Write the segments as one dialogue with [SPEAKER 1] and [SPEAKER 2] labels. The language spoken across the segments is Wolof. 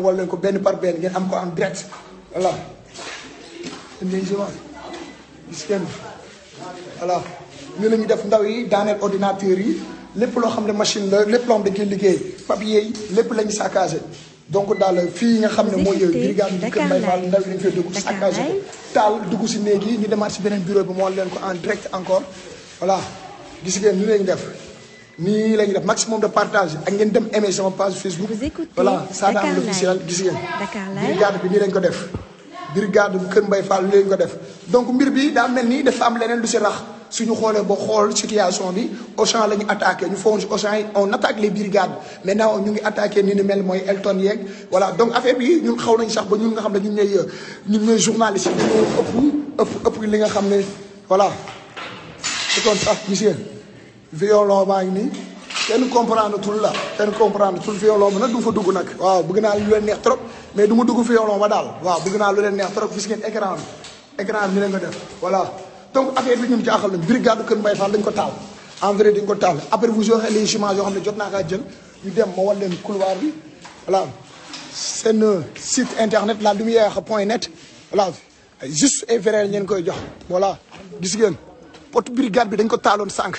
[SPEAKER 1] taxawal leen ko benn par benn ngeen am ko en direct voilà. gis ngeen voilà ñu la ñu def ndaw yi daaneel ordinateur yi lépp loo xam ne machine la lépp loo xam ne dañ liggéey papier yi lépp lañu saccagé donc daal fii nga xam ne mooy brigade bi Kër Mbaye Fall ndaw yi dañu fay dugg saccagé ko taal dugg si néeg yi ñu demaat si beneen bureau bi moo leen ko en direct encore voilà gis ngeen ñu lañu def nii la ñuy def maximum de partage ak ngeen dem aimer sama page Facebook. voilà Sada Am l'officiel gis ngeen. bi nii lañ ko def. brigade bu Kër mbay Fall nii lañ ko def donc mbir bi daa mel ni dafa am leneen lu si rax suñu xoolee ba xool situation bi Auchan la ñu attaqué ñu foog Auchan yi on attaque les brigades maintenant ñu ngi attaqué ni ni mel mooy Elton yeeg voilà donc affaire bi ñun xaw nañ sax ba ñun nga xam ne ñun ñooy ñun ëpp ëpp li nga xam ne voilà c'est comme ça violon baa ngi nii kenn comprendre tul la kenn comprendre tul violon bi nag du fa dugg nag waaw bëgg naa lu leen neex trop mais du dugg violon ba daal waaw bëgg naa lu leen neex trop gis ngeen écran bi écran bi dem leen ko def voilà donc affaire bi ñun jaaxal na brigade Kër Mbaye Fall dañ ko taal en vrai dañ ko taal après vous joxe les images yoo xam ne jot naa kaa jël ñu dem ma wan leen couloir bi voilà seen euh, site internet la lumière point net voilà juste et vrai ngeen koy jox voilà gis ngeen porte brigade bi dañ ko taaloon sànq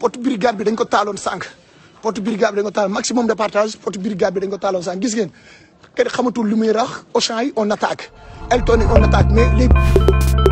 [SPEAKER 1] porte brigade bi dañ ko taaloon sànq porte brigade bi dañ ko taal maximum de partage porte brigade bi dañ ko taaloon sànq gis ngeen kenn xamatul lu muy rax Auchan yi on attaque Elton yi on attaque mais léegi